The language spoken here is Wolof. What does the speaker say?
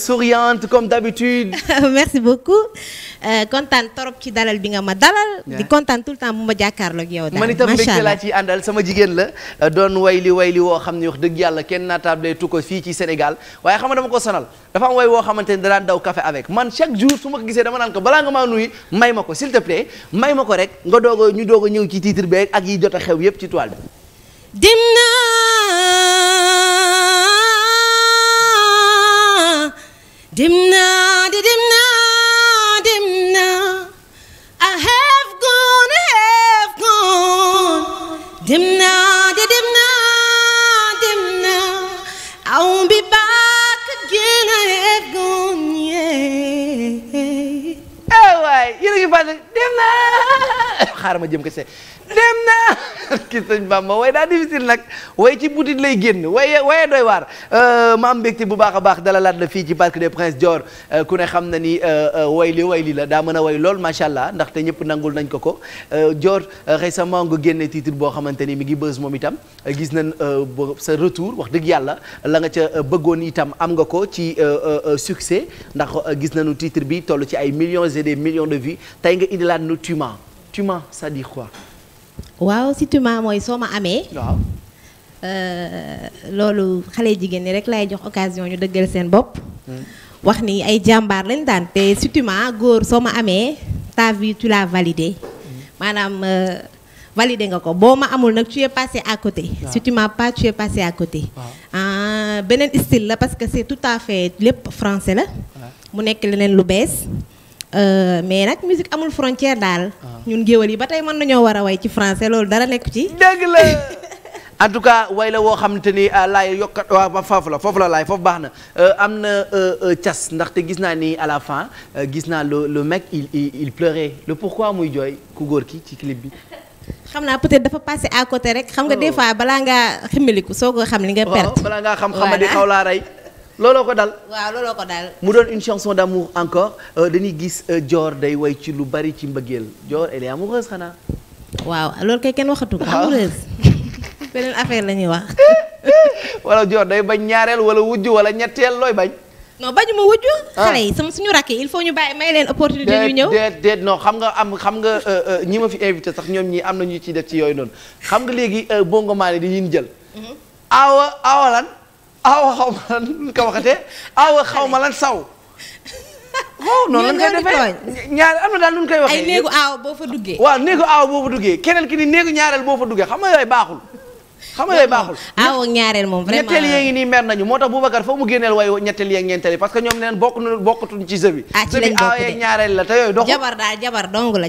souriante comme d'habitude merci beaucoup euh, kontaan torop ci dalal bi nga ma dalal. di kontaan tout le temps bu ma jàkkaarloo ak yow. daal man itam mbégte laa ciy àndal sama jigéen la. Euh, doon wayli wayli woo xam ni wax dëgg yàlla kenn naataable tu ko fii ci Sénégal waaye xam nga dama ko sonal dafa am way woo xamante ni daan daw café avec man chaque jour su ma ko gisee dama naan ko balaa nga maa nuyu may ma ko s'il te plaît may ma ko rek nga doog ñu doog a ñëw ci titre bi ak yi jot a xew yépp ci Dim na, di dim na, dim na. I have gone, I have Dim na, di dim na, dim na. I won't be back again, I have gone, yeah. Eh waay, yéen a ngi fàttali dem na naa ki sëñ Bamba waaye daa difficile nag waaye ci boutique lay génn waaye waaye doy waar euh, ma am mbekk bu baax a baax dalalaat la fii ci Parc des Princes joor euh, ku ne xam na ni euh, way li way li la daa mën a way lool macha allah ndaxte ñëpp nangul nañ ko ko joor xëy sa nga génne titre boo xamante ni mi ngi bës moom itam gis nañ sa retour wax dëgg yàlla la nga ca bëggoon itam am nga ko ci succès ndax gis nañu titre bi toll ci ay millions et des million de vie tey nga indilaat nu Tuma Tuma ça dit waaw surtout mooy soo ma amee. waaw. Euh, loolu xale jigéen ñi rek lay jox occasion ñu dëggal seen bopp. Hmm. wax ni ay jàmbaar lañ daan te surtout góor soo ma amee ta vie tu la validé hmm. maanaam euh, validé nga ko boo ma amul nag tu es passé à côté. si tu m'as pas à côté. Ah, beneen style la parce que c'est tout à fait lépp français la. mu nekk leen lu bees. Euh, mais nag musique amul frontière daal. Ah. ñun géwël yi ba tey mën nañoo war a way ci français loolu dara nekku ci. dëgg la en tout cas way la woo xamante ni euh, laay yokkat ba foofu la foofu la laay foofu baax na euh, am na cas ndaxte gis naa ni à la fin gis naa le le mec il il pleurait pourquoi muy jooy ku góor ki ci clip bi. xam naa peut-être dafa passé à côté rek. xam nga des oh. fois balaa ngaa ximmiliku soo ko xam li nga oh, perte. balaa ngaa xam di xaw laa rey. looloo ko dal. waaw looloo ko dal. mu doon une chanson d'amour encore euh, dañuy gis euh, Dior day woy ci lu bari ci mbëggeel joor elle est amoureuse xanaa. waaw loolu kay kenn waxatu ko. amoureuse beneen affaire la ñuy wax. wala joor day bañ ñaareel wala wujj wala ñetteel looy bañ. noo bañ ma wujj. Ah. xale yi sama suñu rakk yi il faut ñu bàyyi may leen opportunité ñu ñëw. déet déet non xam nga am xam nga euh, ñi ma fi invité sax ñoom ñii am na ñu ciy def ci yooyu noonu xam nga léegi bongo maa di yin jël. Mhm. awa xaw ma lan nu ko waxatee awa xaw ma saw. Oh, noonu la ñu koy defee ñaar am na daal nu koy waxee. ay néegu aaw boo fa duggee. waaw néegu aaw boo fa duggee keneen ki ni néegu ñaareel boo fa duggee xam nga yooyu baaxul. xam nga yooyu baaxul aaw ak ñaareel moom vraiment ñetteel yee ngi nii mer nañu moo tax Boubacar foofu mu génneel waaye ñetteel yeeg ñeenteel yi ñoom neen bokk nu bokkatuñ ci jeu bi. Ah, aaw yeeg ñaareel la te yooyu doxul jabar daal jabar dong la.